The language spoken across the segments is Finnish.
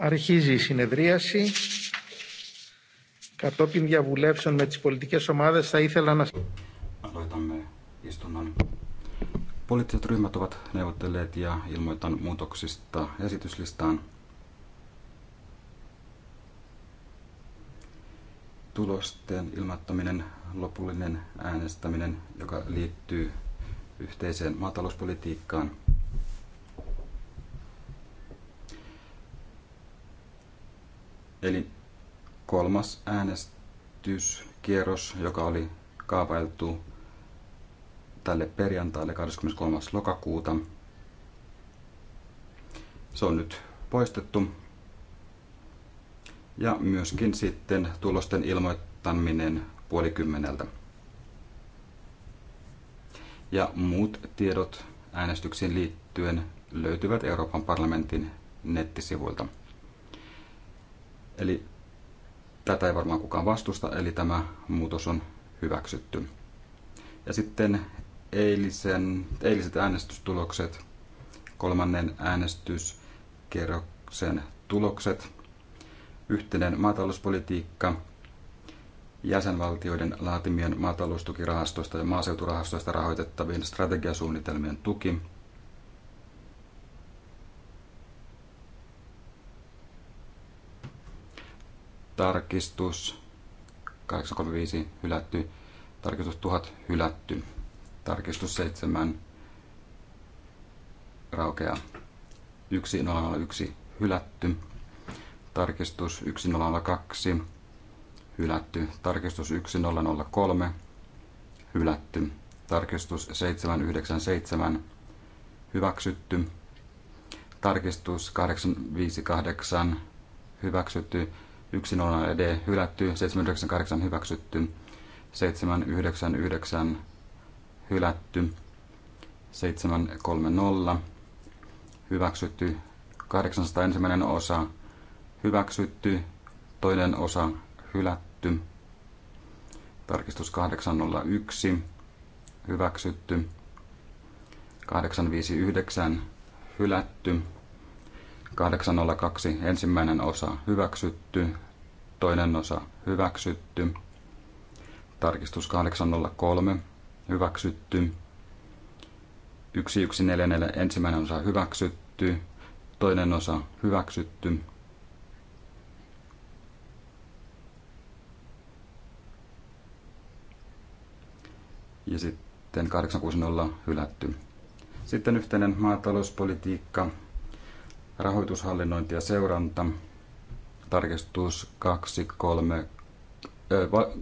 Αρχίζει η συνεδρίαση. Κατόπιν διαβουλεύσεων με τις πολιτικές ομάδες θα ήθελα να... Aloitamme istunnon. Poliittiset ryhmät ovat neuvotelleet ja ilmoitan muutoksista esityslistaan. Tulosten ilmoittaminen, lopullinen äänestäminen, joka liittyy yhteiseen maatalouspolitiikkaan – Eli kolmas äänestyskierros, joka oli kaavailtu tälle perjantaille 23. lokakuuta. Se on nyt poistettu. Ja myöskin sitten tulosten ilmoittaminen puolikymmeneltä. Ja muut tiedot äänestyksiin liittyen löytyvät Euroopan parlamentin nettisivuilta. Eli tätä ei varmaan kukaan vastusta, eli tämä muutos on hyväksytty. Ja sitten eilisen, eiliset äänestystulokset, kolmannen äänestyskerroksen tulokset, yhteinen maatalouspolitiikka, jäsenvaltioiden laatimien maataloustukirahastoista ja maaseuturahastoista rahoitettavien strategiasuunnitelmien tuki – Tarkistus 835 hylätty. Tarkistus 1000 hylätty. Tarkistus 7 raukea 1001 hylätty. Tarkistus 1002 hylätty. Tarkistus 1003 hylätty. Tarkistus 797 hyväksytty. Tarkistus 858 hyväksytty. 1.0 ED hylätty, 798 hyväksytty, 799 hylätty, 730 hyväksytty, 801 osa hyväksytty, toinen osa hylätty, tarkistus 801 hyväksytty, 859 hylätty, 802 ensimmäinen osa hyväksytty, toinen osa hyväksytty. Tarkistus 803 hyväksytty. 1144 ensimmäinen osa hyväksytty, toinen osa hyväksytty. Ja sitten 860 hylätty. Sitten yhteinen maatalouspolitiikka, rahoitushallinnointi ja seuranta tarkistus 2, 3,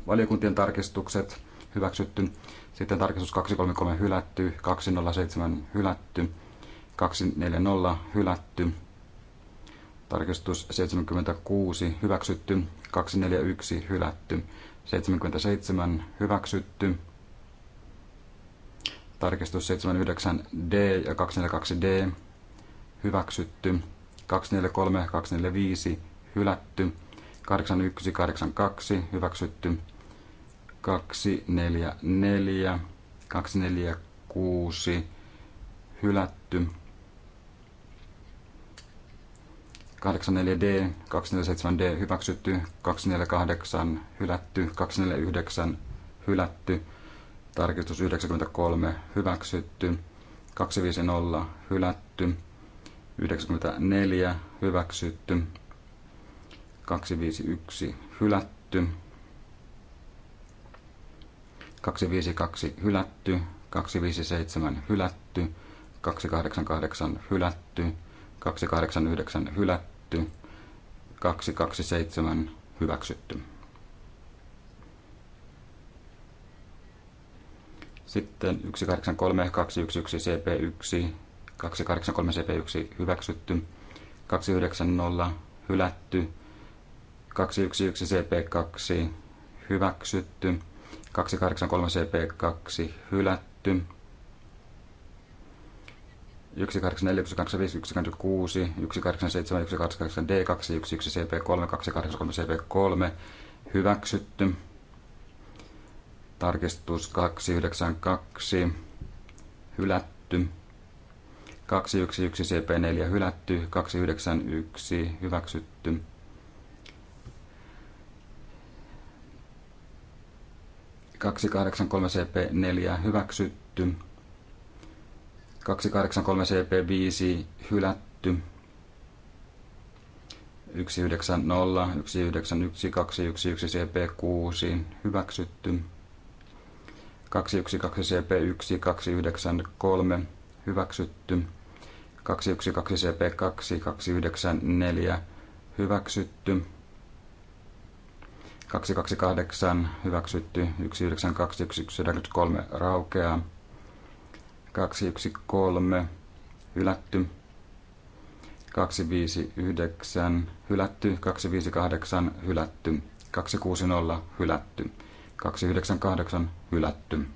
valiokuntien tarkistukset hyväksytty, sitten tarkistus 233 hylätty, 207 hylätty, 240 hylätty, tarkistus 76 hyväksytty, 241 hylätty, 77 hyväksytty, tarkistus 79D ja 242D hyväksytty, 243, 245 hylätty. 8182 hyväksytty. 244, 246 hylätty. 84D, 247D hyväksytty, 248 hylätty, 249 hylätty, tarkistus 93 hyväksytty, 250 hylätty, 94 hyväksytty, 251 hylätty. 252 hylätty. 257 hylätty. 288 hylätty. 289 hylätty. 227 hyväksytty. Sitten 183211 CP1, 283 CP1 hyväksytty, 290 hylätty, 211 CP2 hyväksytty, 283 CP2 hylätty, 184, 185, 186, 187, 188D2, 11 CP3, CP3 hyväksytty. Tarkistus 292 hylätty. 211 CP4 hylätty, 291 hyväksytty. 283 CP4 hyväksytty. 283 CP5 hylätty. 190, 191, 211 CP6 hyväksytty. 212 CP1, 293 hyväksytty. 212 CP2, 294 hyväksytty. 228 hyväksytty, 192, 193 raukeaa, 213 hylätty, 259 hylätty, 258 hylätty, 260 hylätty, 298 hylätty.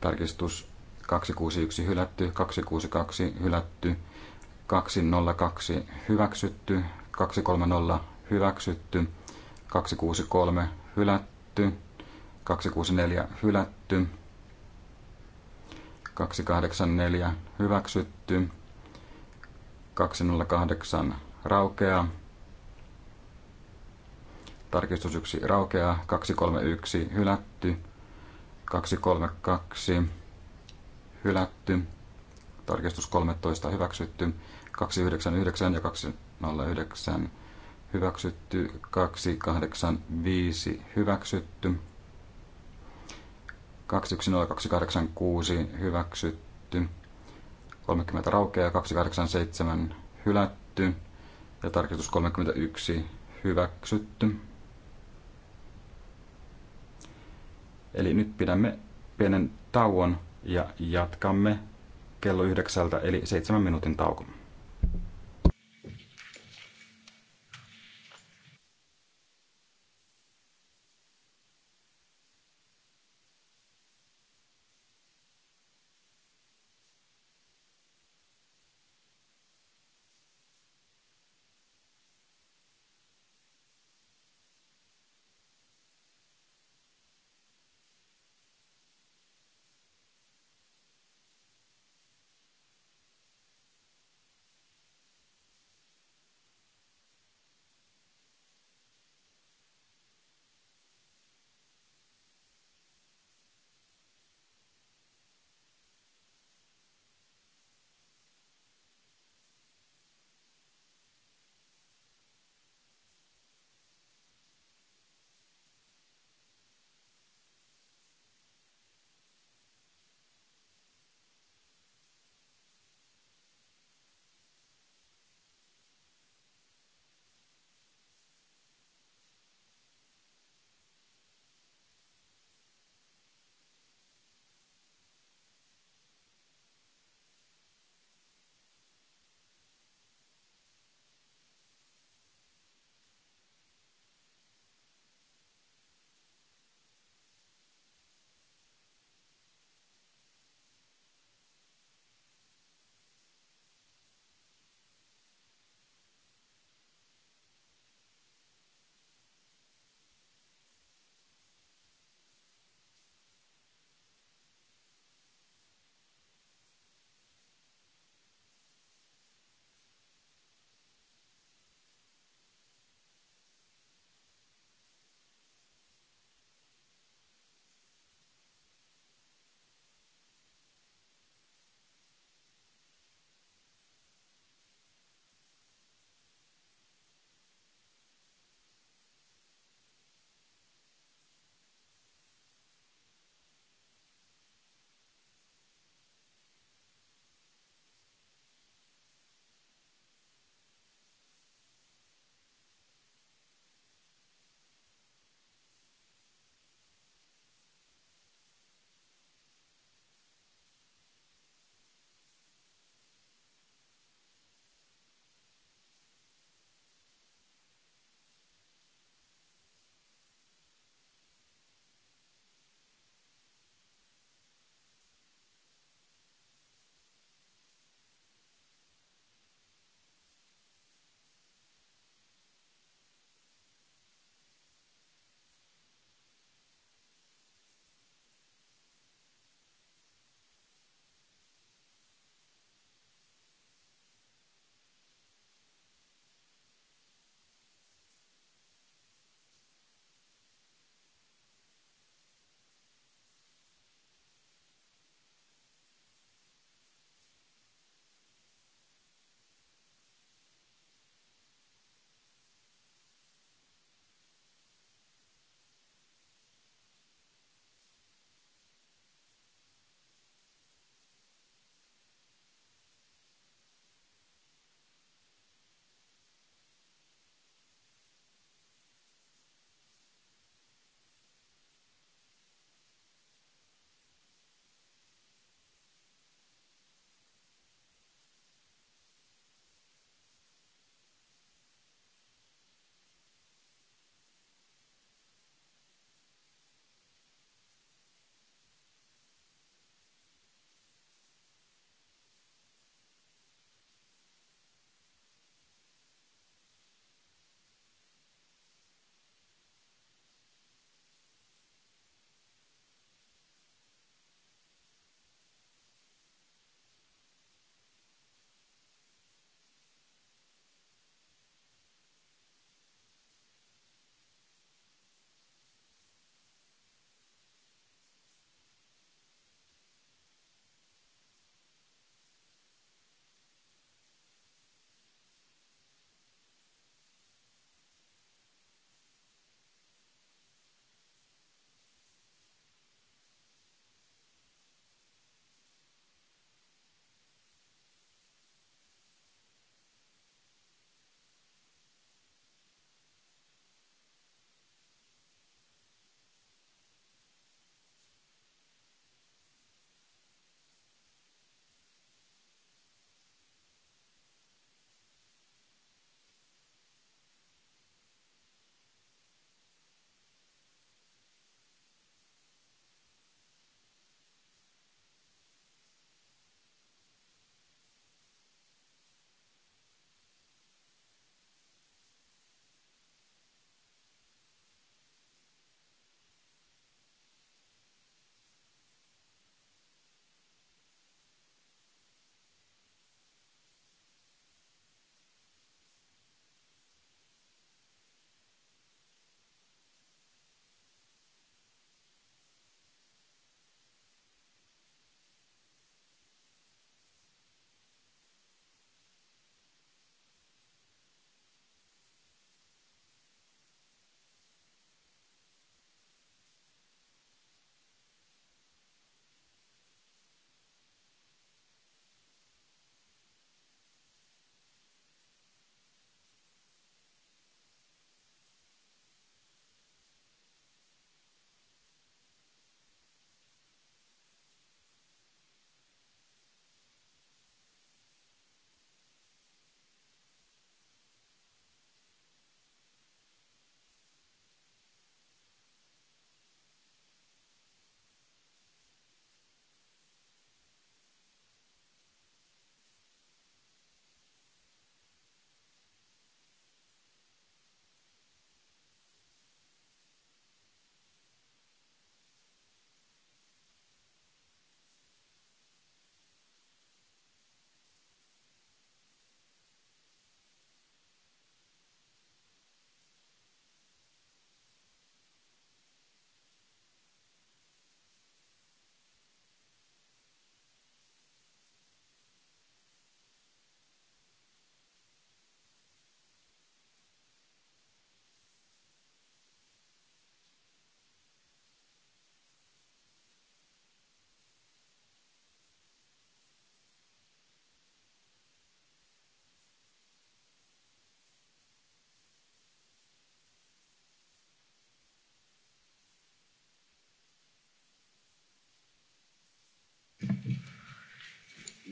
Tarkistus 261 hylätty, 262 hylätty, 202 hyväksytty, 230 hyväksytty, 263 hylätty, 264 hylätty, 284 hyväksytty, 208 raukeaa, tarkistus 1 raukeaa, 231 hylätty, 232 hylätty, tarkistus 13 hyväksytty, 299 ja 2 09 hyväksytty, 285 hyväksytty, 210286 hyväksytty, 30 raukeaa, 287 hylätty ja tarkistus 31 hyväksytty. Eli nyt pidämme pienen tauon ja jatkamme kello yhdeksältä eli seitsemän minuutin tauko.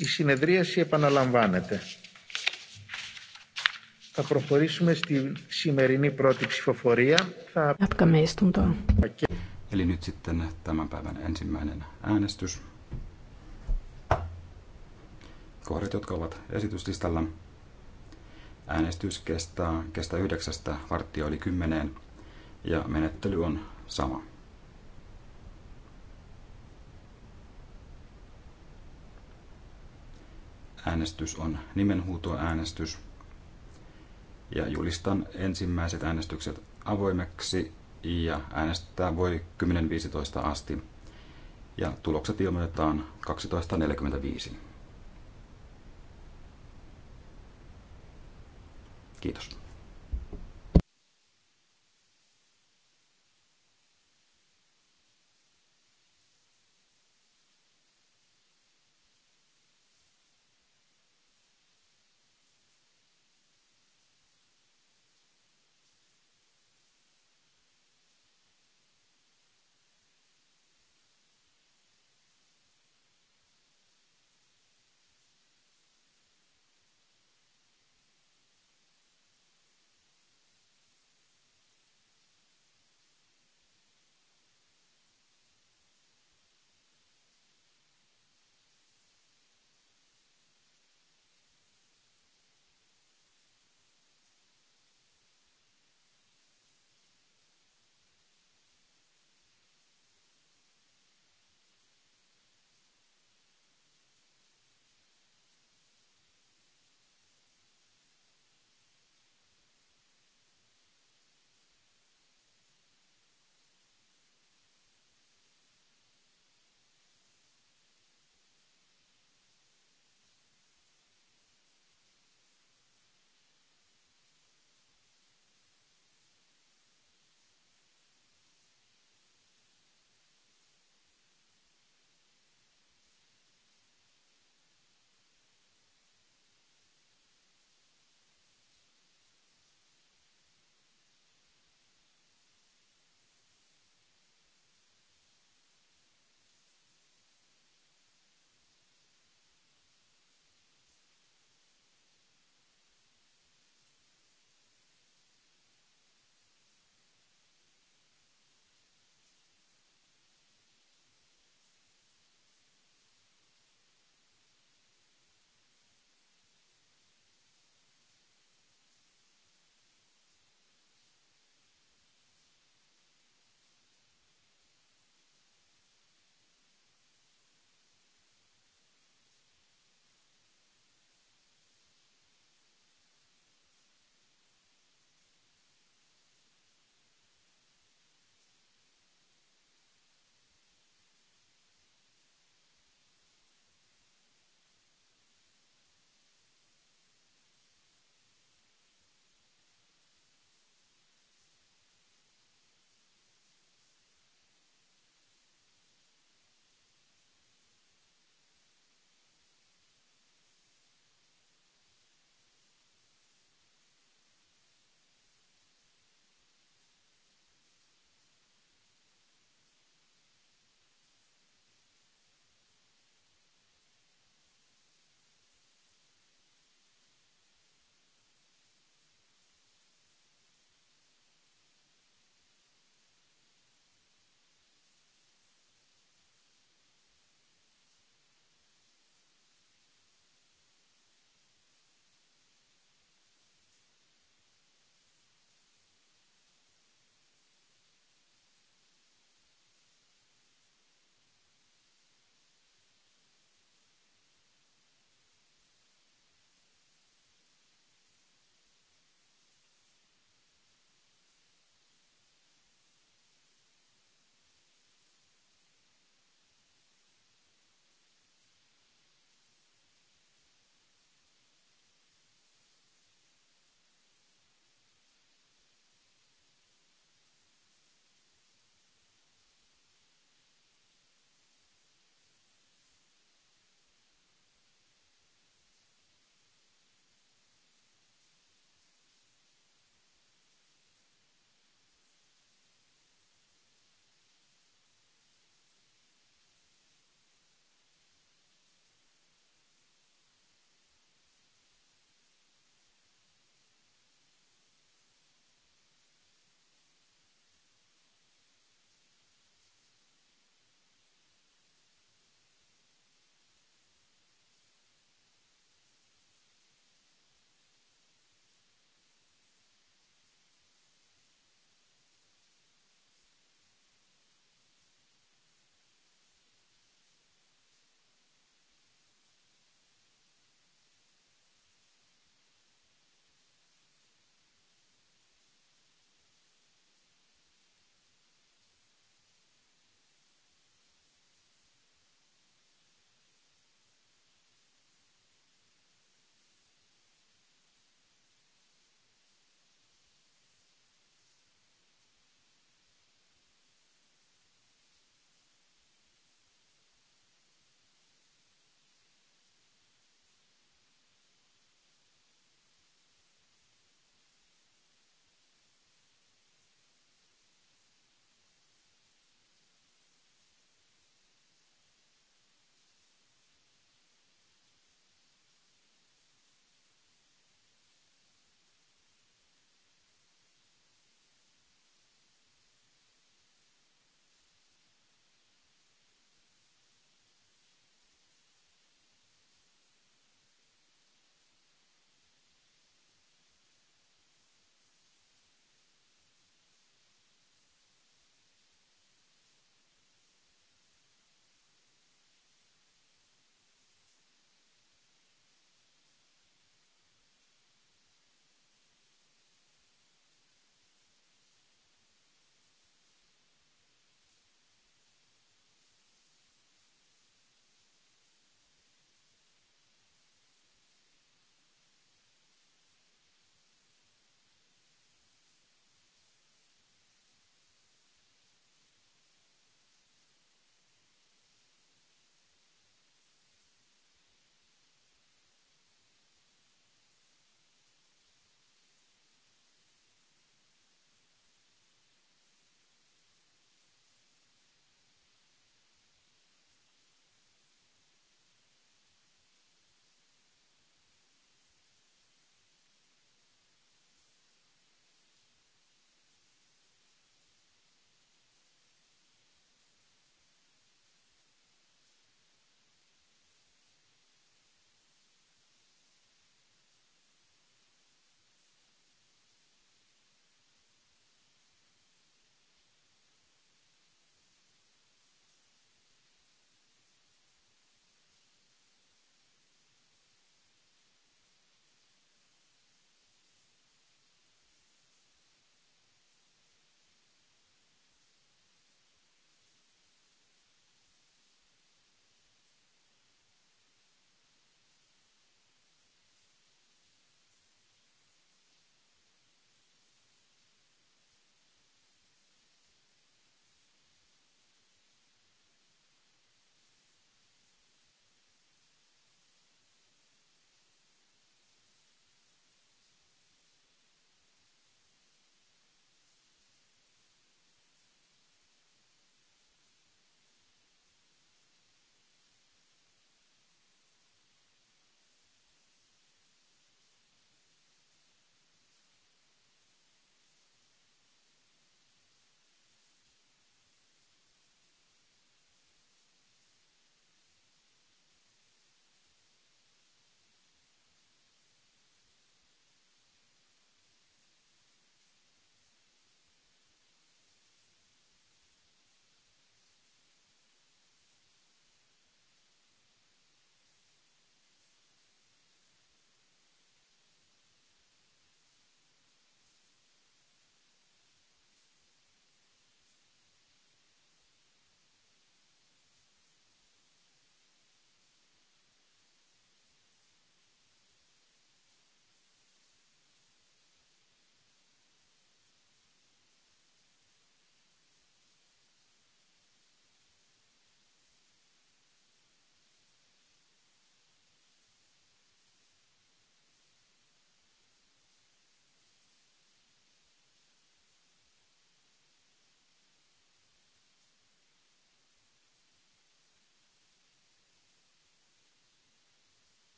η συνεδρίαση επαναλαμβάνεται. Θα προχωρήσουμε στη σημερινή πρώτη ψηφοφορία. Θα... Jatkamme istuntoa. Eli nyt sitten tämän päivän ensimmäinen äänestys. Kohdat, jotka ovat esityslistalla. Äänestys kestää, kestää yhdeksästä varttia oli kymmeneen ja menettely on sama. Äänestys on nimenhuutoäänestys. Ja julistan ensimmäiset äänestykset avoimeksi ja äänestää voi 10.15 asti. Ja tulokset ilmoitetaan 12.45. Kiitos.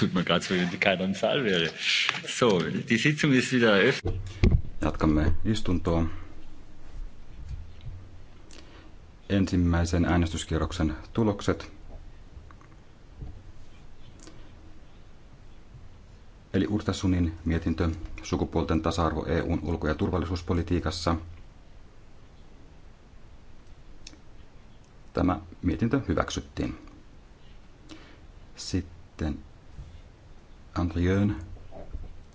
tut man gerade so, wenn keiner im Saal wäre. So, die Sitzung ist wieder eröffnet. Jatkamme istuntoa. Ensimmäisen äänestyskierroksen tulokset. Eli Urtasunin mietintö sukupuolten tasa-arvo EUn ulko- ja turvallisuuspolitiikassa. Tämä mietintö hyväksyttiin. Sitten Andriön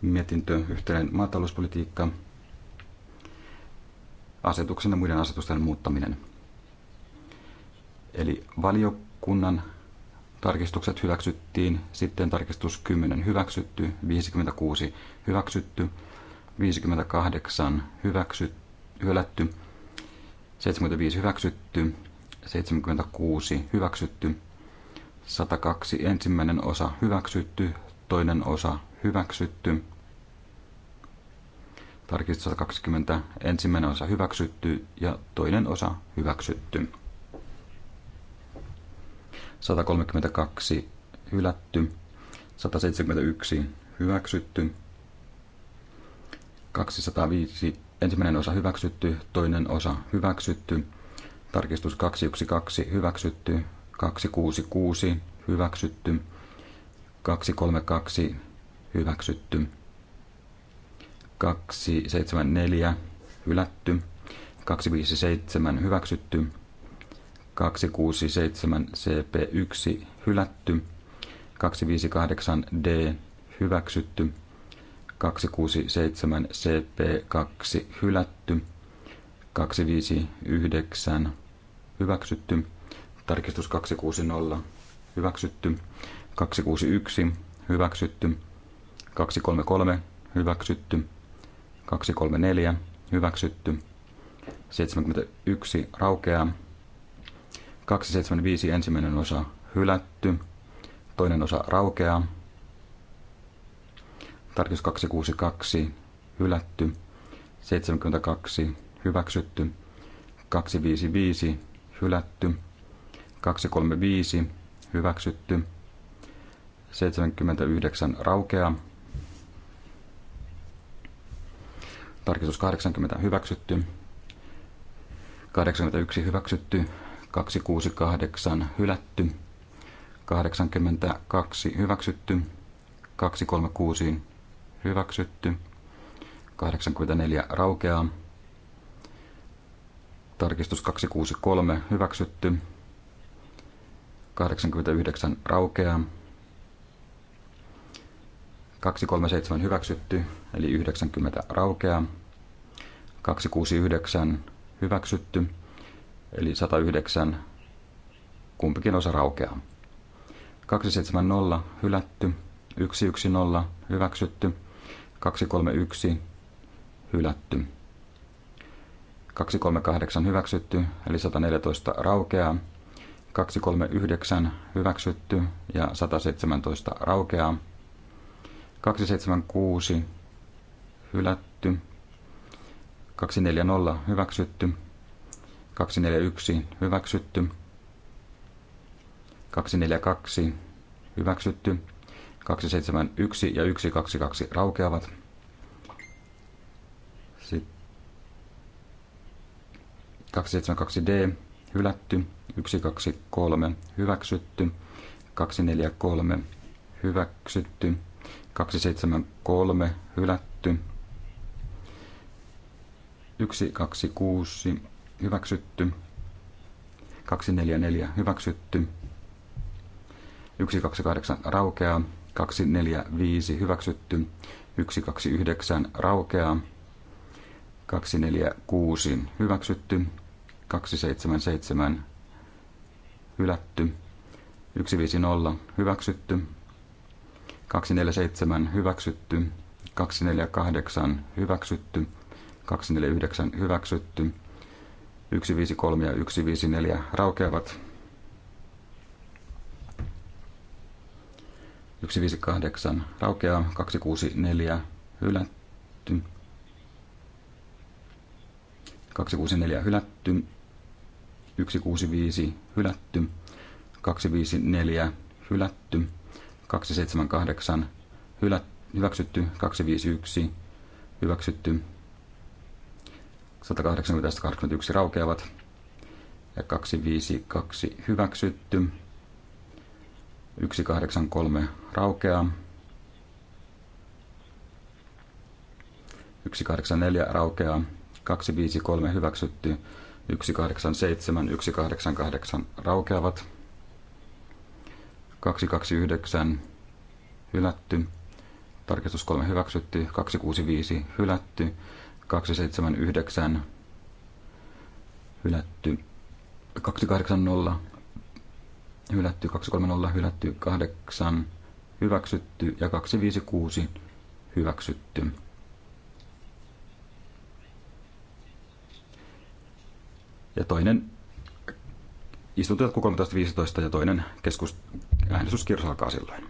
mietintö yhteinen maatalouspolitiikka, asetuksen ja muiden asetusten muuttaminen. Eli valiokunnan tarkistukset hyväksyttiin, sitten tarkistus 10 hyväksytty, 56 hyväksytty, 58 hyväksy, hylätty, 75 hyväksytty, 76 hyväksytty, 102 ensimmäinen osa hyväksytty, toinen osa hyväksytty. Tarkistus 120, ensimmäinen osa hyväksytty ja toinen osa hyväksytty. 132 hylätty, 171 hyväksytty, 205 ensimmäinen osa hyväksytty, toinen osa hyväksytty, tarkistus 212 hyväksytty, 266 hyväksytty, 232 hyväksytty. 274 hylätty. 257 hyväksytty. 267 CP1 hylätty. 258 D hyväksytty. 267 CP2 hylätty. 259 hyväksytty. Tarkistus 260 hyväksytty. 261 hyväksytty, 233 hyväksytty, 234 hyväksytty, 71 raukeaa, 275 ensimmäinen osa hylätty, toinen osa raukeaa, tarkistus 262 hylätty, 72 hyväksytty, 255 hylätty, 235 hyväksytty, 79 raukea. Tarkistus 80 hyväksytty. 81 hyväksytty. 268 hylätty. 82 hyväksytty. 236 hyväksytty. 84 raukeaa. Tarkistus 263 hyväksytty. 89 raukeaa. 237 hyväksytty, eli 90 raukeaa. 269 hyväksytty, eli 109 kumpikin osa raukeaa. 270 hylätty, 110 hyväksytty, 231 hylätty. 238 hyväksytty, eli 114 raukeaa. 239 hyväksytty ja 117 raukeaa. 276 hylätty, 240 hyväksytty, 241 hyväksytty, 242 hyväksytty, 271 ja 122 raukeavat. Sitten 272D hylätty, 123 hyväksytty, 243 hyväksytty, 273 hylätty. 126 hyväksytty. 244 hyväksytty. 128 raukeaa. 245 hyväksytty. 129 raukeaa. 246 hyväksytty. 277 hylätty. 150 hyväksytty. 247 hyväksytty, 248 hyväksytty, 249 hyväksytty, 153 ja 154 raukeavat. 158 raukeaa, 264 hylätty, 264 hylätty, 165 hylätty, 254 hylätty, 278 hylä, hyväksytty, 251 hyväksytty, 180-81 raukeavat ja 252 hyväksytty, 183 raukeaa, 184 raukeaa, 253 hyväksytty, 187, 188 raukeavat. 229 hylätty, tarkistus 3 hyväksytty, 265 hylätty, 279 hylätty, 280 hylätty, 230 hylätty, 8 hyväksytty ja 256 hyväksytty. Ja toinen Istunto jatkuu 13.15 ja toinen keskus, äänestyskierros alkaa silloin.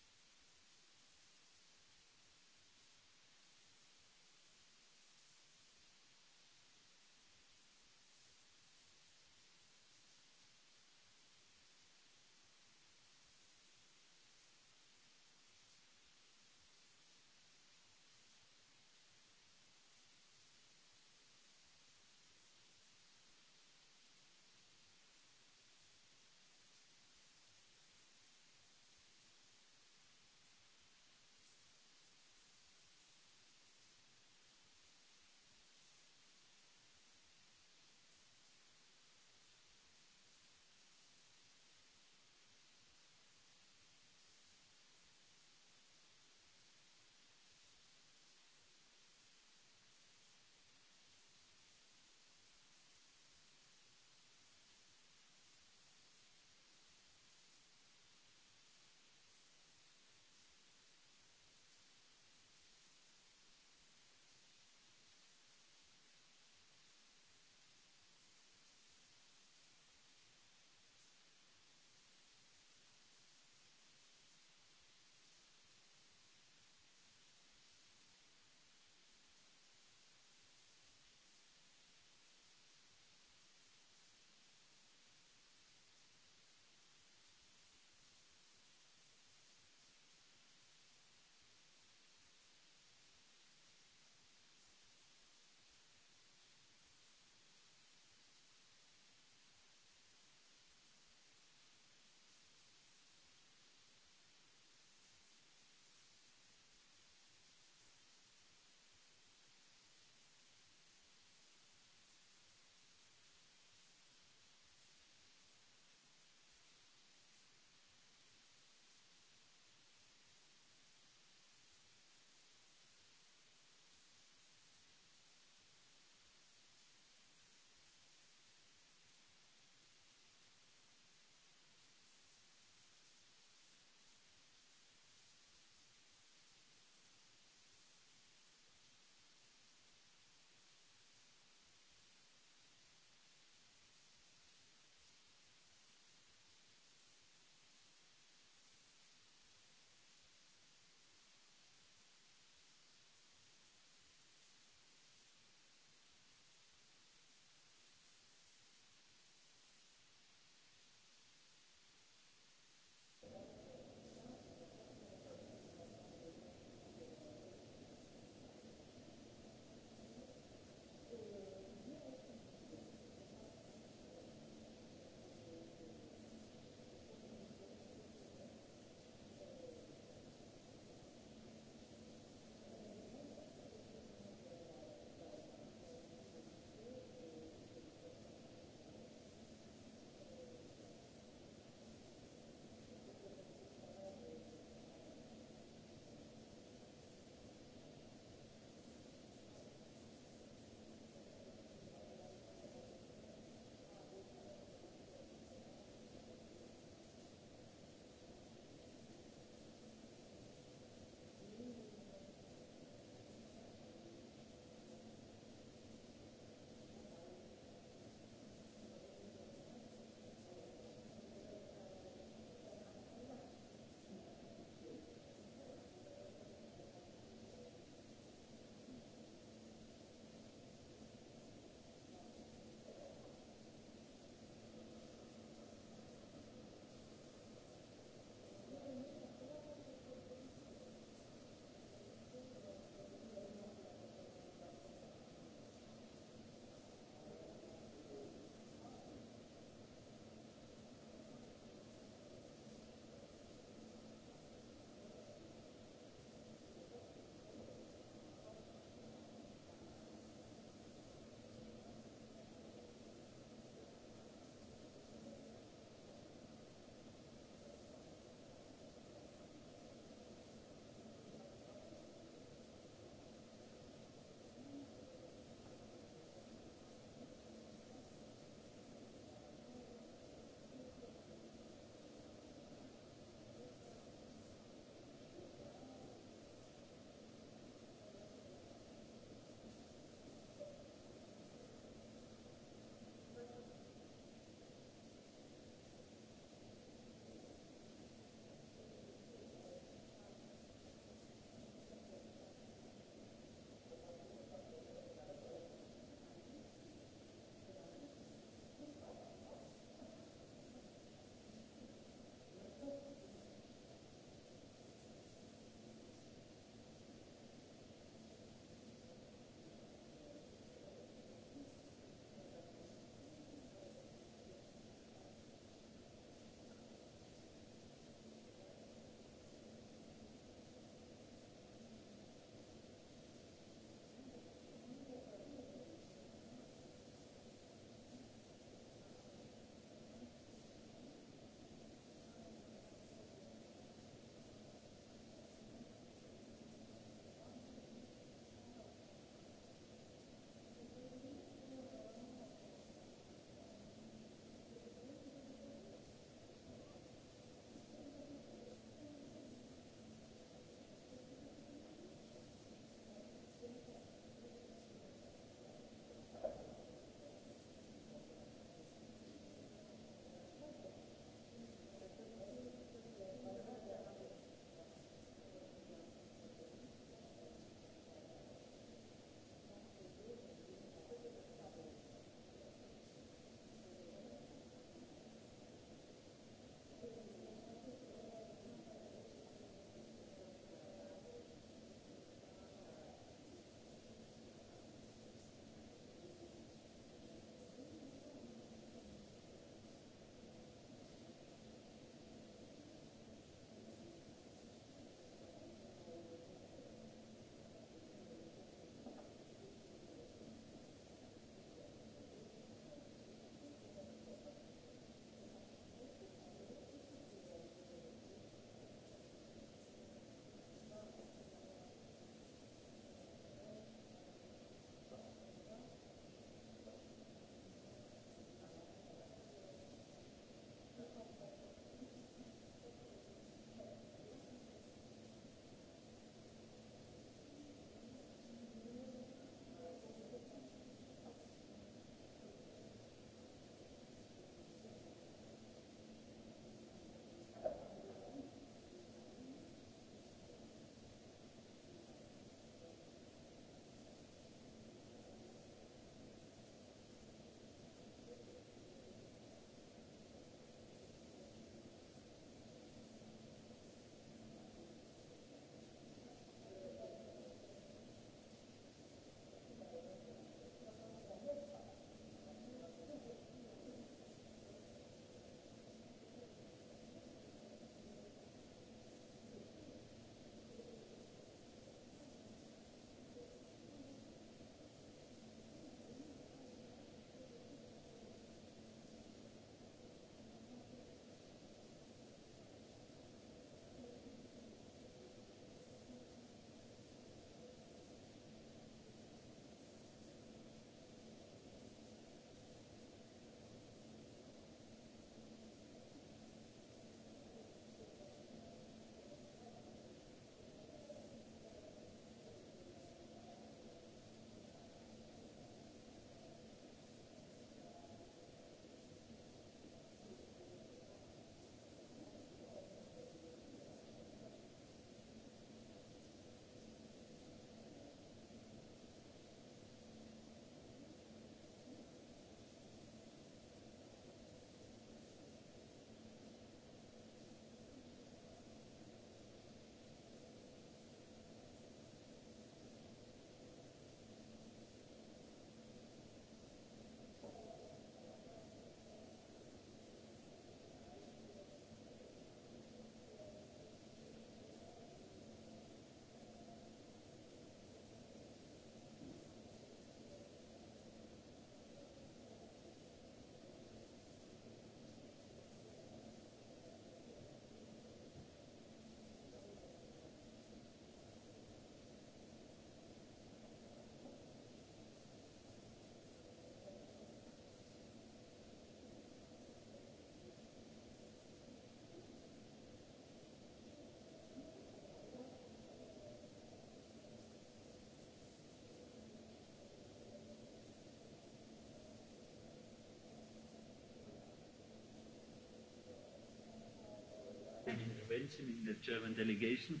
Belgium in the German delegation.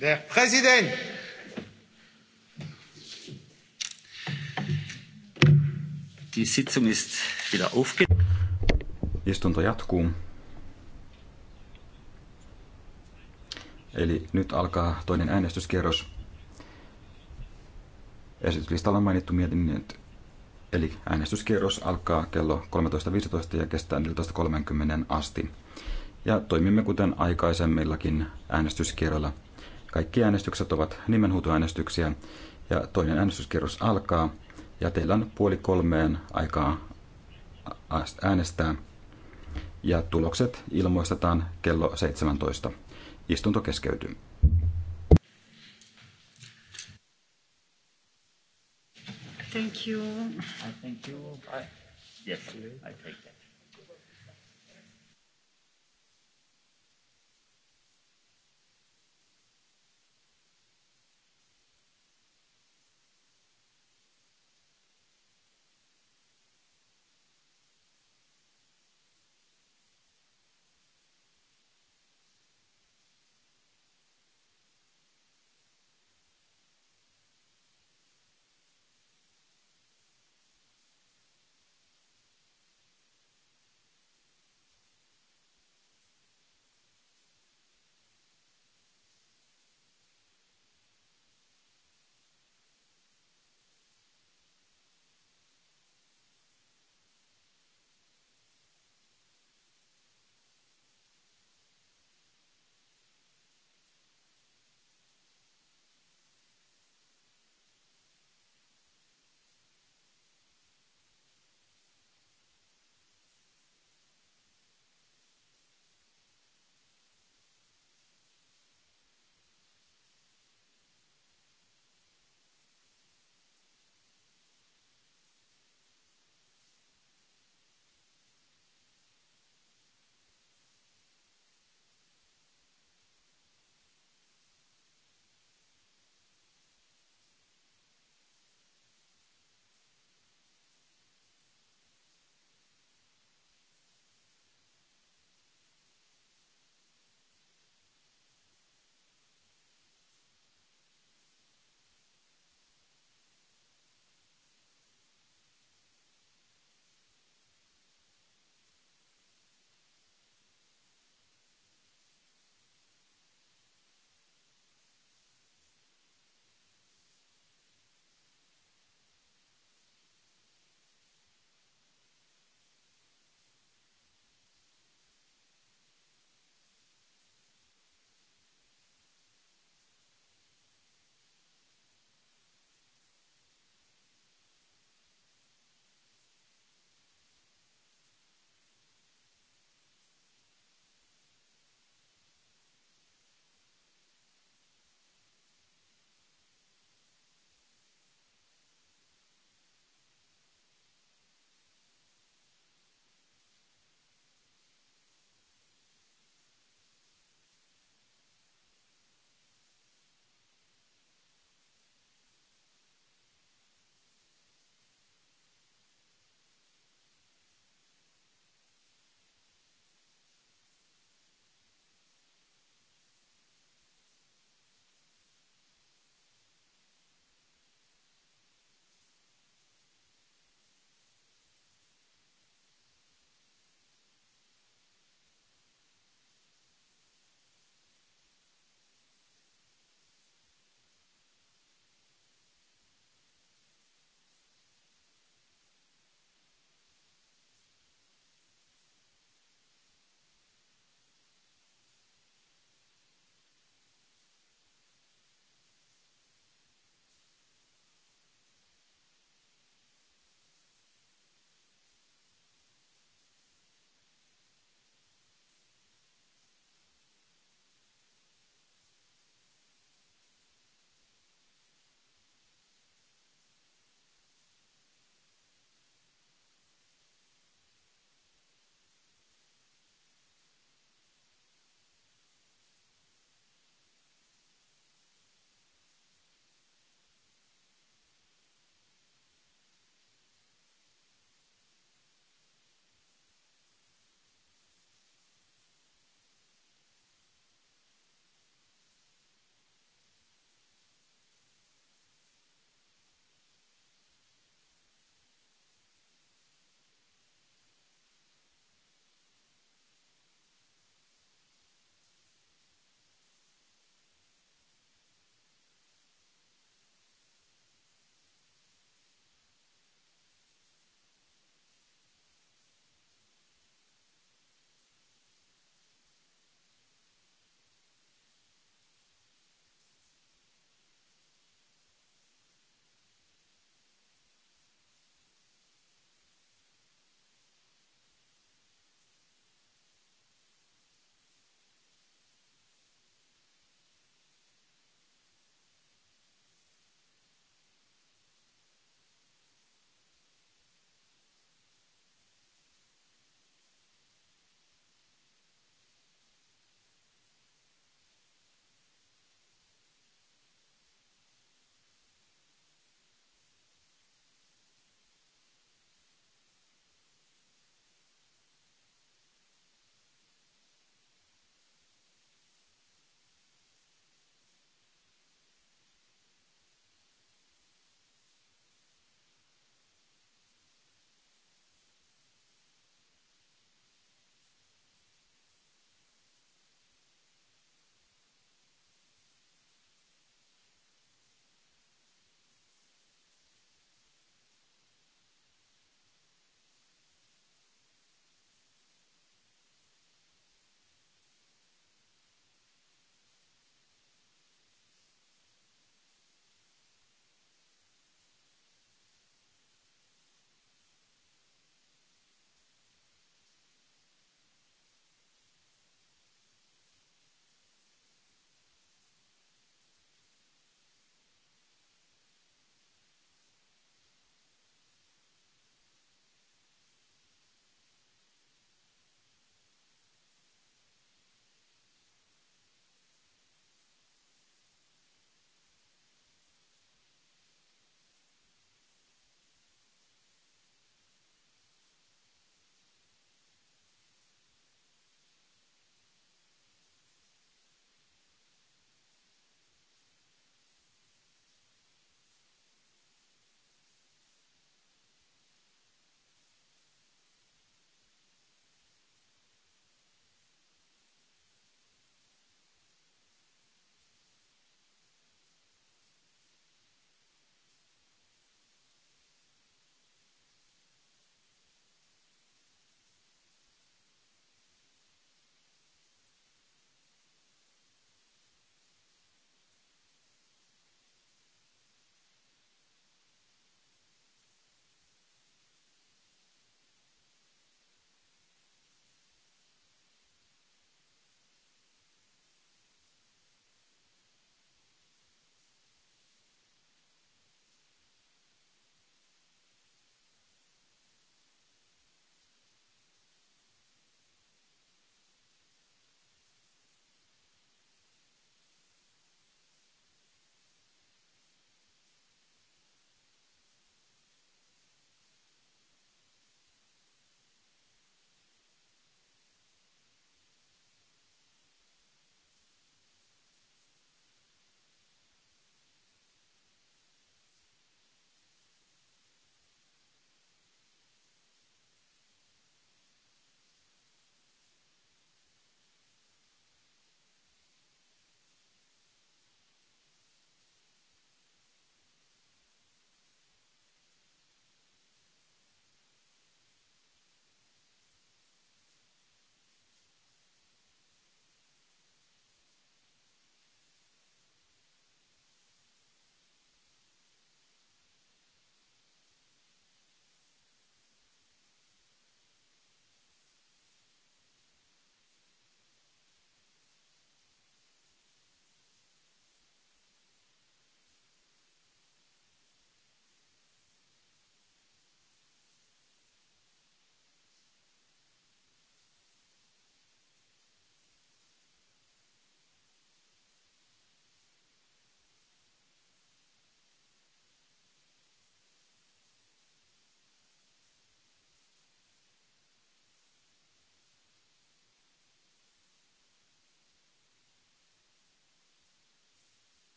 Der Präsident! Die Sitzung ist wieder aufgenommen. Istunto jatkuu. Eli nyt alkaa toinen äänestyskierros. Esityslistalla on mainittu mietinnöt. Eli äänestyskierros alkaa kello 13.15 ja kestää 14.30 asti ja toimimme kuten aikaisemmillakin äänestyskierroilla. Kaikki äänestykset ovat nimenhuutoäänestyksiä ja toinen äänestyskierros alkaa ja teillä on puoli kolmeen aikaa äänestää ja tulokset ilmoistetaan kello 17. Istunto keskeytyy. Thank you. I thank you. I, yes, I take that.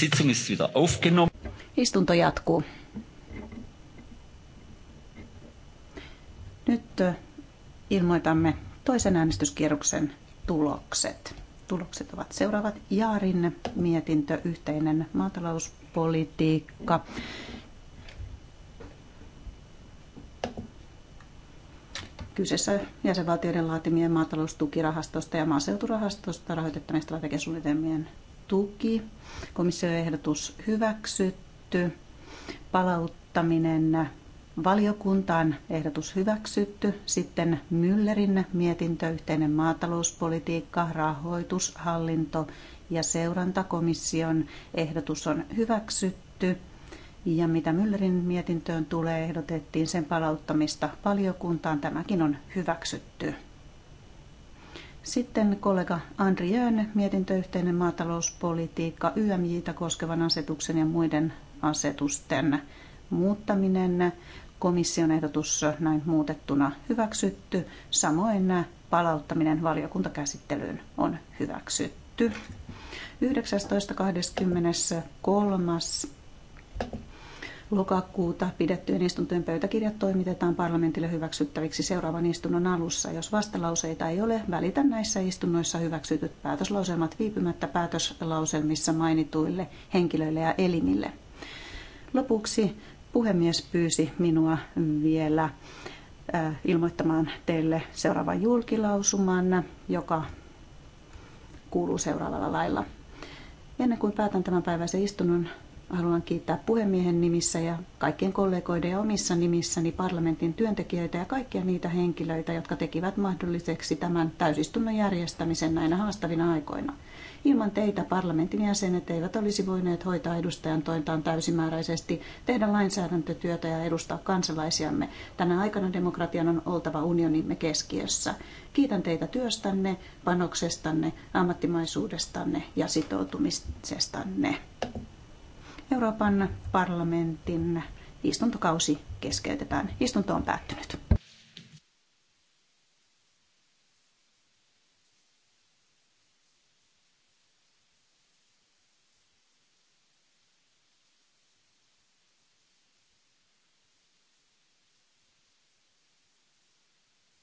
Sitzung ist wieder aufgenommen. Istunto jatkuu. Nyt ilmoitamme toisen äänestyskierroksen tulokset. Tulokset ovat seuraavat. Jaarin mietintö, yhteinen maatalouspolitiikka. Kyseessä jäsenvaltioiden laatimien maataloustukirahastosta ja maaseuturahastosta rahoitettavien strategiasuunnitelmien tuki. Komissioehdotus hyväksytty. Palauttaminen valiokuntaan ehdotus hyväksytty. Sitten Müllerin mietintö, yhteinen maatalouspolitiikka, rahoitus, hallinto ja seurantakomission ehdotus on hyväksytty. Ja mitä Müllerin mietintöön tulee, ehdotettiin sen palauttamista valiokuntaan. Tämäkin on hyväksytty. Sitten kollega Andri Jön, mietintöyhteinen maatalouspolitiikka, YMJtä koskevan asetuksen ja muiden asetusten muuttaminen, komission ehdotus näin muutettuna hyväksytty, samoin palauttaminen valiokuntakäsittelyyn on hyväksytty. 19.23 lokakuuta pidettyjen istuntojen pöytäkirjat toimitetaan parlamentille hyväksyttäviksi seuraavan istunnon alussa. Jos vastalauseita ei ole, välitä näissä istunnoissa hyväksytyt päätöslauselmat viipymättä päätöslauselmissa mainituille henkilöille ja elimille. Lopuksi puhemies pyysi minua vielä äh, ilmoittamaan teille seuraavan julkilausuman, joka kuuluu seuraavalla lailla. Ennen kuin päätän tämän päiväisen istunnon, haluan kiittää puhemiehen nimissä ja kaikkien kollegoiden ja omissa nimissäni parlamentin työntekijöitä ja kaikkia niitä henkilöitä, jotka tekivät mahdolliseksi tämän täysistunnon järjestämisen näinä haastavina aikoina. Ilman teitä parlamentin jäsenet eivät olisi voineet hoitaa edustajan tointaan täysimääräisesti, tehdä lainsäädäntötyötä ja edustaa kansalaisiamme. Tänä aikana demokratian on oltava unionimme keskiössä. Kiitän teitä työstänne, panoksestanne, ammattimaisuudestanne ja sitoutumisestanne. Euroopan parlamentin istuntokausi keskeytetään. Istunto on päättynyt.